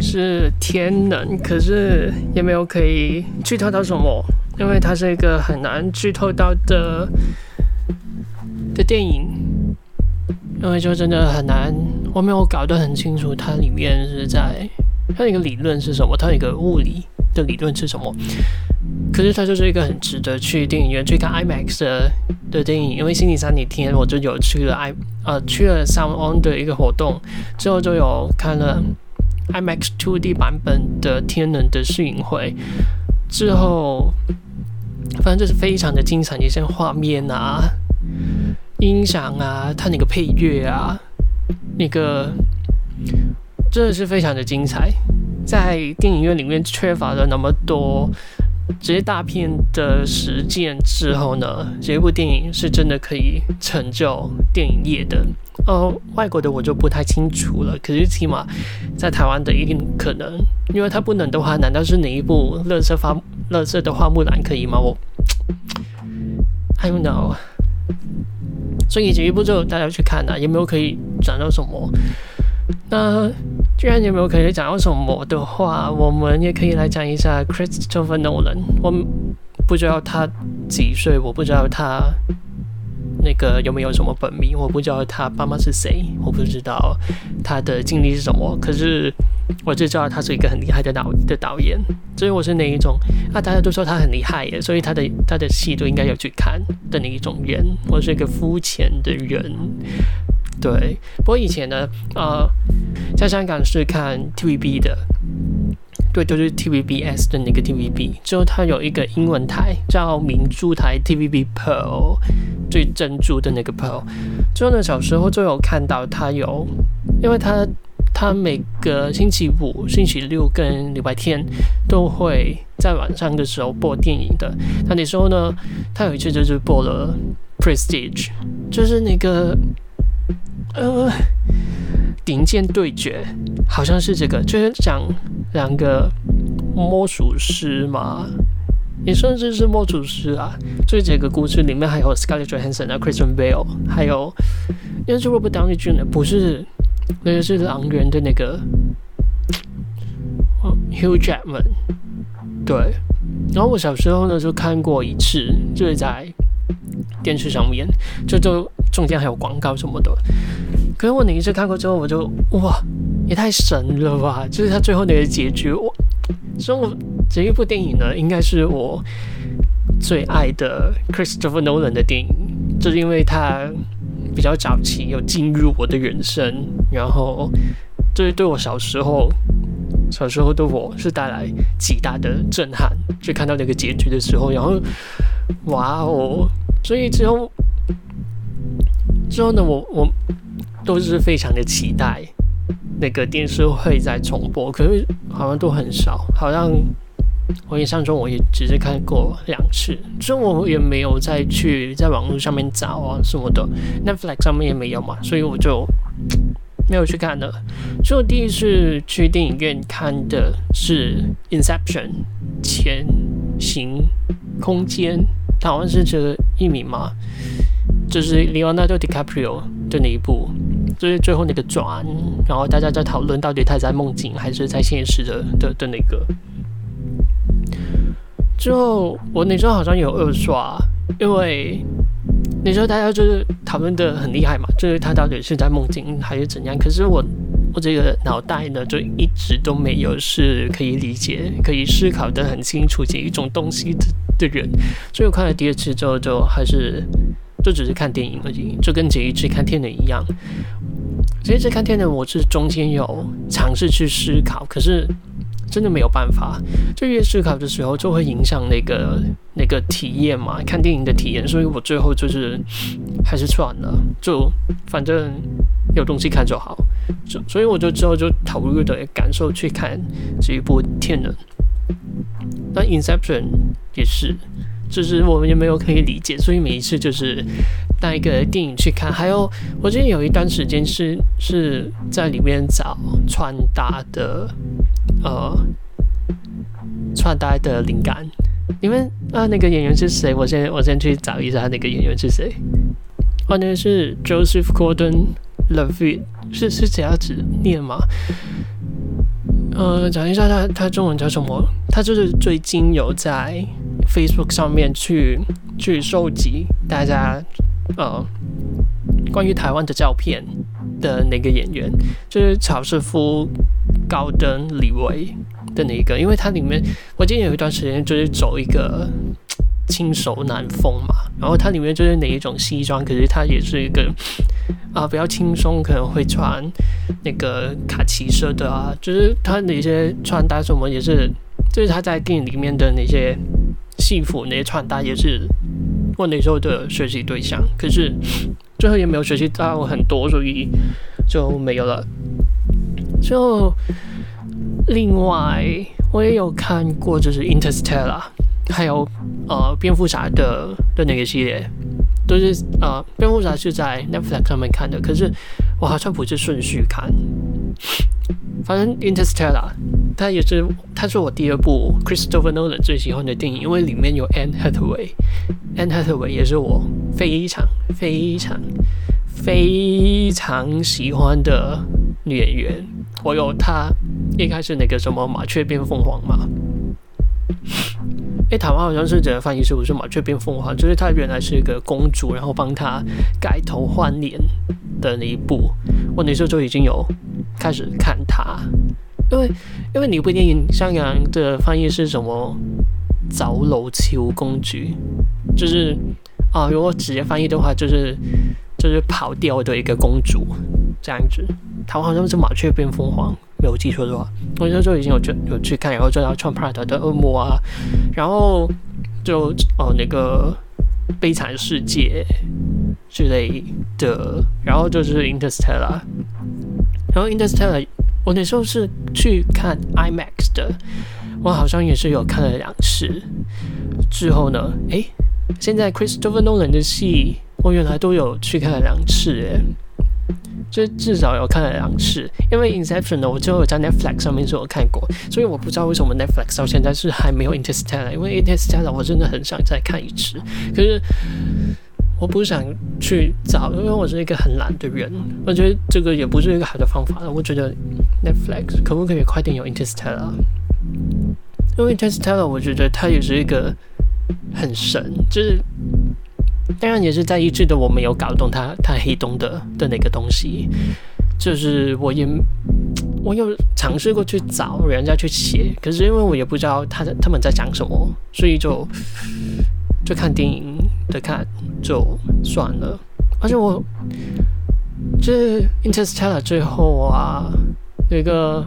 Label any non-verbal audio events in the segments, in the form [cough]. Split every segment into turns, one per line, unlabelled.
是天能，可是也沒有可以劇透到什麼，因為它是一個很難劇透到的的電影，因為就真的很難，我沒有搞得很清楚它裡面是在它一個理論是什麼，它有一個物理的理論是什麼。可是它就是一個很值得去電影院去看 IMAX 的的電影，因為星期三那天我就有去了 i 呃去了 SoundOn 的一個活動，之後就有看了。IMAX 2D 版本的天能的試映會之後，反正這是非常的精彩，一些畫面啊、音響啊、它那個配樂啊，那個真的是非常的精彩。在電影院裡面缺乏了那麼多這些大片的時間之後呢，這部電影是真的可以成就電影業的。呃、哦，外國的我就不太清楚了。可是起碼在台灣的一定可能，因為它不能的話，難道是哪一部垃圾發《樂色花》《樂色的花木蘭》可以嗎？我，I don't know。所以這一部就大家去看啦、啊。有沒有可以講到什麼？那既然有沒有可以講到什麼的話，我們也可以來講一下 Christopher Nolan。我不知道他幾歲，我不知道他。那個有沒有什麼本名？我不知道他爸媽是誰，我不知道他的經歷是什麼。可是，我只知道他是一個很厲害的導的導演，所以我是哪一種那、啊、大家都說他很厲害耶，所以他的他的戲都應該要去看的那一種人。我是一個膚淺的人，對。不過以前呢，呃，在香港是看 TVB 的。對，就是 TVBS 的那個 TVB，之後它有一個英文台叫明珠台 TVB Pearl，最珍珠的那個 Pearl。之後呢，小時候就有看到它有，因為它它每個星期五、星期六跟禮拜天都會在晚上的時候播電影的。那那時候呢，它有一次就是播了《Prestige》，就是那個呃，頂尖對決，好像是這個，就是講。兩個魔術師嘛，也算是，是魔術師啊。所以這個故事裡面還有 Scarlett Johansson 啊，Christian Bale，還有因為是 Robert Downey Jr. 不是那個是狼人的那個，哦，Hugh Jackman。對，然後我小時候呢就看過一次，就是在電視上面，就就。中間還有廣告什麼的，可是我哪一次看過之後，我就哇，也太神了吧！就是他最後那個結局，我，所以我這一部電影呢，應該是我最愛的 Christopher Nolan 的電影，就是因為他比較早期有進入我的人生，然後這是對我小時候小時候的我是帶來極大的震撼，就看到那個結局的時候，然後哇哦！所以之後。之後呢，我我都是非常的期待那個電視會再重播，可是好像都很少，好像我印象中我也只是看過兩次，之後我也沒有再去在網絡上面找啊什麼的，Netflix 上面也沒有嘛，所以我就沒有去看了。之後第一次去電影院看的是《Inception》前行空間，台灣是這個譯名嗎？就是李奧納多·迪卡普里奧的那一部，就是最後那個轉，然後大家在討論到底他在夢境還是在現實的的的那個。之後我那時候好像有二刷，因為那時候大家就是討論得很厲害嘛，就是他到底是在夢境還是怎樣。可是我我這個腦袋呢，就一直都沒有是可以理解、可以思考得很清楚的一種東西的的人，所以我看了第二次之後，就還是。就只是看電影而已，就跟杰一去看《天能》一樣。一瑞看《天能》，我是中間有嘗試去思考，可是真的沒有辦法。就越思考的時候，就會影響那個那個體驗嘛，看電影的體驗。所以我最後就是還是算了，就反正有東西看就好。所以我就之後就投入的感受去看這一部《天能》。那《Inception》也是。就是我們也沒有可以理解，所以每一次就是帶一個電影去看。還有，我記得有一段時間是是在裡面找穿搭的，呃，穿搭的靈感。你們啊，那個演員是誰？我先我先去找一下，那個演員是誰？哦、啊，那個是 Joseph Gordon-Levitt，是是這樣子念嗎？呃，講一下他他中文叫什麼？他就是最近有在。Facebook 上面去去收集大家呃關於台灣的照片的那個演員，就是喬瑟夫·高登-李維的那個，因為它裡面我最近有一段時間就是走一個輕熟男風嘛，然後它裡面就是哪一種西裝，可是它也是一個啊、呃、比較輕鬆，可能會穿那個卡其色的啊，就是它的一些穿搭什麼也是，就是他在電影裡面的那些。幸福那些穿搭也是我那時候的學習對象，可是最後也沒有學習到很多，所以就沒有了。最後，另外我也有看過，就是《Interstellar》，還有呃《蝙蝠俠》的的那個系列，都是呃《蝙蝠俠》是在 Netflix 上面看的，可是我好像不是順序看。反正《Interstellar》。她也是，她是我第二部 Christopher Nolan 最喜歡的電影，因為裡面有 Anne Hathaway，Anne Hathaway 也是我非常,非常非常非常喜歡的女演員。我有她，一開始那個什麼《麻雀變鳳凰》嘛？誒、欸，台灣好像是怎麼翻譯？是不是,是《麻雀變鳳凰》？就是她原來是一個公主，然後幫她改頭換臉的那一部。我那時候就已經有開始看她。因為，因為你部電影香港的翻譯是什麼？“走樓求公主”，就是啊，如果直接翻譯的話，就是就是跑掉的一個公主這樣子。台灣好像是《麻雀變鳳凰》？沒有記錯的話，我那時候已經有去有去看，然後就到《穿 Prada 的惡魔》啊，然後就哦、啊、那個《悲慘世界》之類的，然後就是《Interstellar》，然後《Interstellar》。我那時候是去看 IMAX 的，我好像也是有看了兩次。之後呢，誒、欸，現在 Christopher Nolan 的戲，我原來都有去看了兩次、欸，誒，就至少有看了兩次。因為 Inception 呢，我最後有在 Netflix 上面是有看過，所以我不知道為什麼 Netflix 到現在是還沒有 Interstellar，因為 Interstellar 我真的很想再看一次，可是。我不想去找，因為我是一個很懶的人。我覺得這個也不是一個好的方法。我覺得 Netflix 可不可以快點有 Interstellar？因為 Interstellar 我覺得它也是一個很神，就是當然也是在一致的，我沒有搞懂它它黑洞的的哪個東西。就是我也我有嘗試過去找人家去寫，可是因為我也不知道他他們在講什麼，所以就就看電影。看就算了，而且我這就是《Interstellar》最後啊，那個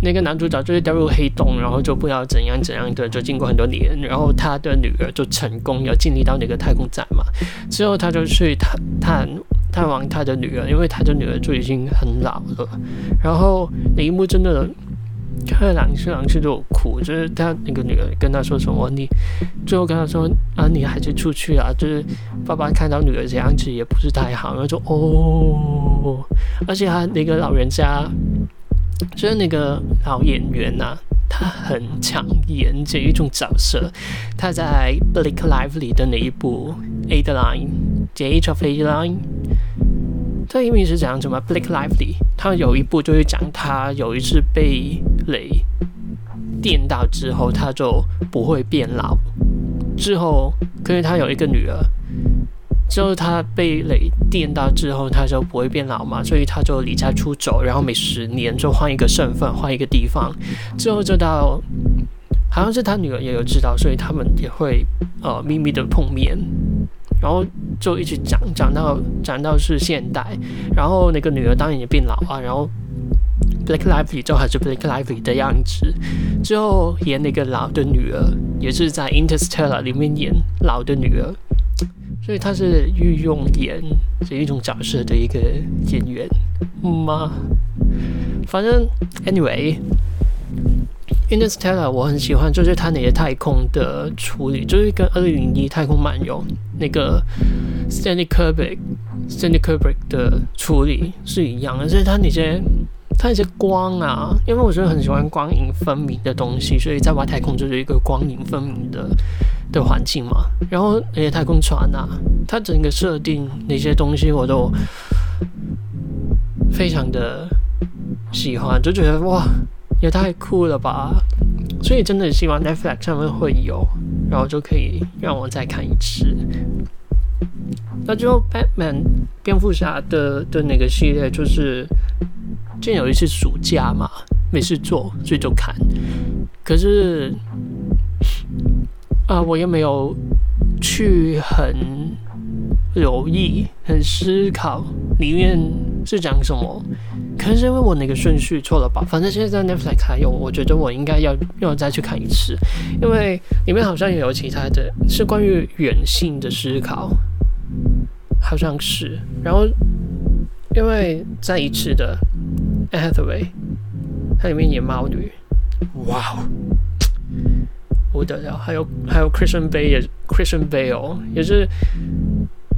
那個男主角就是掉入黑洞，然後就不知道怎樣怎樣的，就經過很多年，然後他的女兒就成功要進入到那個太空站嘛，之後他就去探探探望他的女兒，因為他的女兒就已經很老了，然後那一幕真的。看，狼吃狼吃，就哭。就是他那個女兒跟他說什麼，你最後跟他說啊，你還是出去啊。就是爸爸看到女兒這樣子也不是太好，他說哦，而且他那個老人家，就是那個老演員吶、啊，他很搶眼這一種角色。他在《Blake Lively》裡的那一部《Adaline》《The Age of Adaline》。他明明是講什麼《Black Lively》，他有一部就是講他有一次被雷電到之後，他就不會變老。之後，可是他有一個女兒，之後他被雷電到之後，他就不會變老嘛，所以他就離家出走，然後每十年就換一個身份，換一個地方。之後就到，好像是他女兒也有知道，所以他們也會呃秘密的碰面，然後。就一直講講到講到是現代，然後那個女兒當然也變老啊，然後 Blake Lively 依舊還是 Blake Lively 的樣子。最後演那個老的女兒，也是在 Interstellar 裡面演老的女兒，所以她是御用演這一種角色的一個演員嗎？嗯啊？反正 Anyway。Interstellar，我很喜歡，就是它那些太空的處理，就是跟二零零一太空漫遊那個 Stanley Kubrick Stanley Kubrick 的處理是一樣，而且它那些它那些光啊，因為我覺得很喜歡光影分明的東西，所以在外太空就是一個光影分明的的環境嘛。然後那些太空船啊，它整個設定那些東西我都非常的喜歡，就覺得哇。也太酷了吧！所以真的希望 Netflix 上面會有，然後就可以讓我再看一次。那之後 Batman（ 蝙蝠俠）的的那個系列，就是，竟有一次暑假嘛，沒事做，所以就看。可是，啊、呃，我又沒有去很留意、很思考裡面是講什麼。可能是因為我那個順序錯了吧，反正現在在 Netflix 還有，我覺得我應該要要再去看一次，因為裡面好像也有其他的是關於遠性的思考，好像是。然後因為再一次的，《Anne [noise] Hathaway 樂》，它裡面演貓女，哇、wow、哦！不得了，還有還有 Christian Bay 也，Christian Bale 也是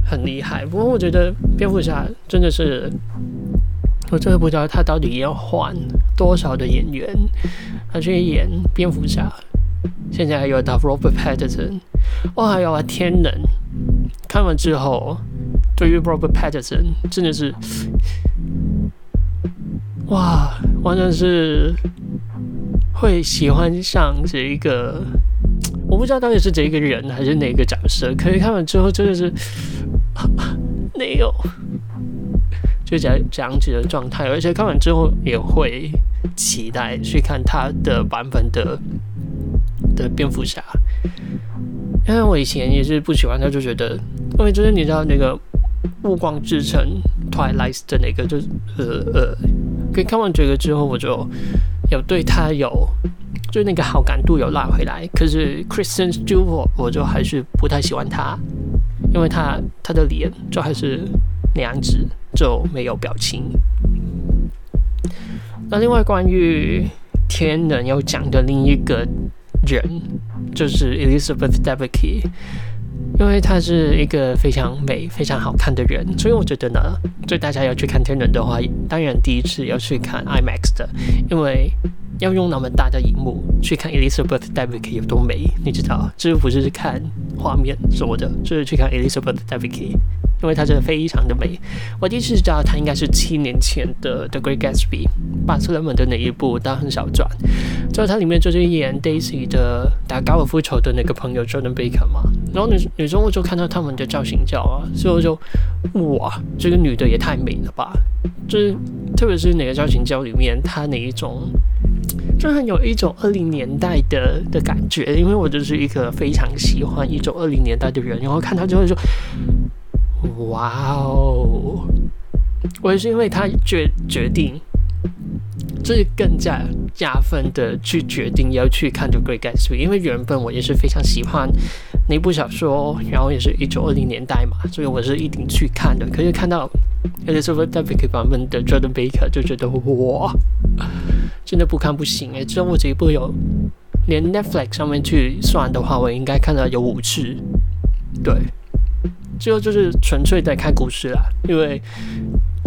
很厲害，不過我覺得蝙蝠俠真的是。我真的不知道他到底要換多少的演員，他去演蝙蝠俠，現在還有 d o Robert Pattinson 哇呀，天能！看完之後，對於 Robert Pattinson 真的是，哇，完全是會喜歡上這一個，我不知道到底是這一個人還是哪個角色，可是看完之後真的是，啊、沒有。就講講起的狀態，而且看完之後也會期待去看他的版本的的蝙蝠俠，因為我以前也是不喜歡他，就覺得因為就是你知道那個暮光之城 Twilight 的那個，就是呃呃，可、呃、以、okay, 看完這個之後我就有對他有就那個好感度有拉回來，可是 Kristen Stewart 我就還是不太喜歡他，因為他他的臉就還是那樣子。就沒有表情。那另外關於《天能》要講的另一個人，就是 Elizabeth Debicki，因為她是一個非常美、非常好看的人，所以我覺得呢，對大家要去看《天能》的話，當然第一次要去看 IMAX 的，因為要用那麼大的熒幕去看 Elizabeth Debicki 有多美，你知道，這不是看畫面什麼的，就是去看 Elizabeth Debicki。因為她真的非常的美。我第一次知道她應該是七年前的《The Great Gatsby》，巴茲魯曼的那一部，當然很少轉。最後，她裡面就是演 Daisy 的打高爾夫球的那個朋友 Jordan Baker 嘛。然後女女生我就看到他們的造型照啊，所以我就哇，這個女的也太美了吧！就是特別是那個造型照裡面，她那一種，就很有一種二零年代的的感覺。因為我就是一個非常喜歡一種二零年代的人，然後看到之後就。哇哦！我也是因為他決決定，就是、更加加分的去決定要去看《The Great Gatsby》，因為原本我也是非常喜歡那部小說，然後也是一九二零年代嘛，所以我是一定去看的。可是看到，而且 Elizabeth Debicki 版本的 Jordan Baker，就覺得哇，真的不看不行哎！至少我這一部有，連 Netflix 上面去算的話，我應該看到有五次，對。最後就是純粹在看故事啦，因為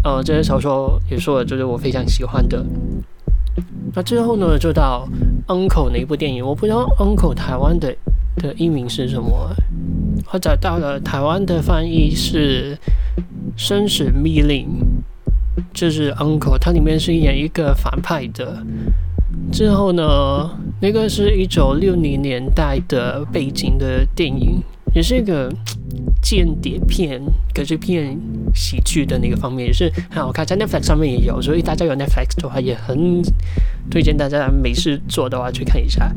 呃，這些小說也說了，就是我非常喜歡的。那最後呢，就到 Uncle 那一部電影，我不知道 Uncle 台灣的的譯名是什麼，我找到了台灣的翻譯是《生死密令》，就是 Uncle，它裡面是演一個反派的。之後呢，那個是一九六零年代的背景的電影，也是一個，間諜片、格子片、喜劇的那個方面也是很好看，在 Netflix 上面也有，所以大家有 Netflix 的話，也很推薦大家沒事做的話去看一下。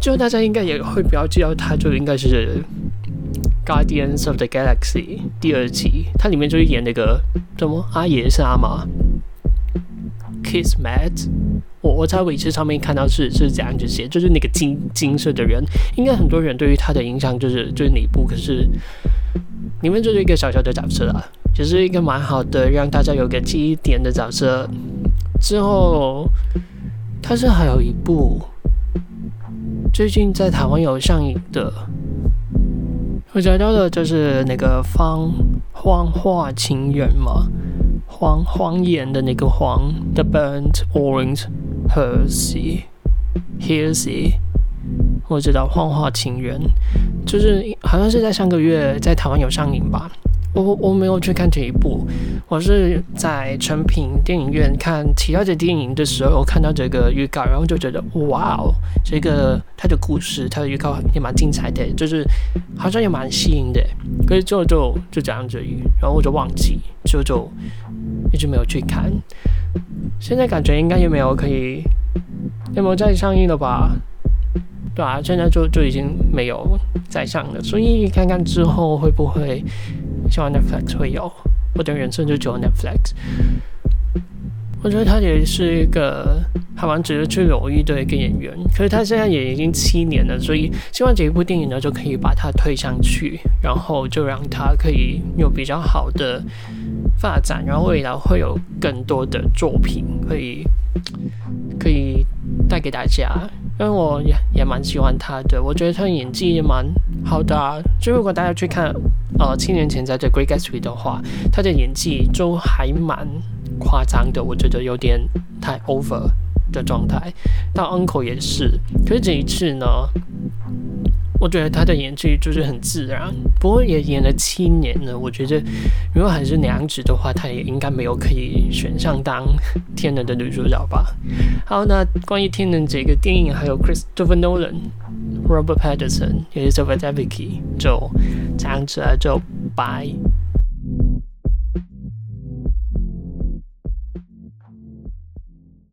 就大家應該也會比較知道，它就應該是《Guardians of the Galaxy》第二集，它裡面就是演那個什麼阿爺、啊、是阿媽，Kiss Mat。我在維持上面看到是是這樣子寫，就是那個金金色的人，應該很多人對於他的印象就是就是那一部，可是，裡面就是一個小小的角色啦，就是一個蠻好的讓大家有個記憶點的角色。之後，它是還有一部最近在台灣有上映的，我找到的就是那個方《謊畫情人》嘛，謊《謊言》的那個謊，《The Burnt Orange》。Heresy，Heresy，我知道《謊畫情人》就是好像是在上個月在台灣有上映吧。我我沒有去看這一部，我是在成品電影院看其他的電影的時候，我看到這個預告，然後就覺得哇哦，這個它的故事，它的預告也蠻精彩的，欸，就是好像也蠻吸引的，欸。可是就就就就這樣子，然後我就忘記，就也就一直沒有去看。現在感覺應該也沒有可以，有沒有再上映了吧？對啊，現在就就已經沒有再上了，所以看看之後會不會。希望 Netflix 會有，我的人生就只有 Netflix。我覺得他也是一個還蠻值得去留意的一個演員，可是他現在也已經七年了，所以希望這一部電影呢，就可以把他推上去，然後就讓他可以有比較好的發展，然後未來會有更多的作品可以可以帶給大家。因為我也也蠻喜歡他的，我覺得他的演技也蠻好的啊。就如果大家去看呃七年前在這 Great Gatsby 的話，他的演技都還蠻誇張的，我覺得有點太 over 的狀態。到 Uncle 也是，可是這一次呢？我覺得她的演技就是很自然，不過也演了七年了。我覺得如果還是娘子的話，她也應該沒有可以選上當天能的女主角吧。好，那關於天能這個電影，還有 Christopher Nolan、Robert Pattinson 也是 Elizabeth Debicki，就這樣子啊，就 bye。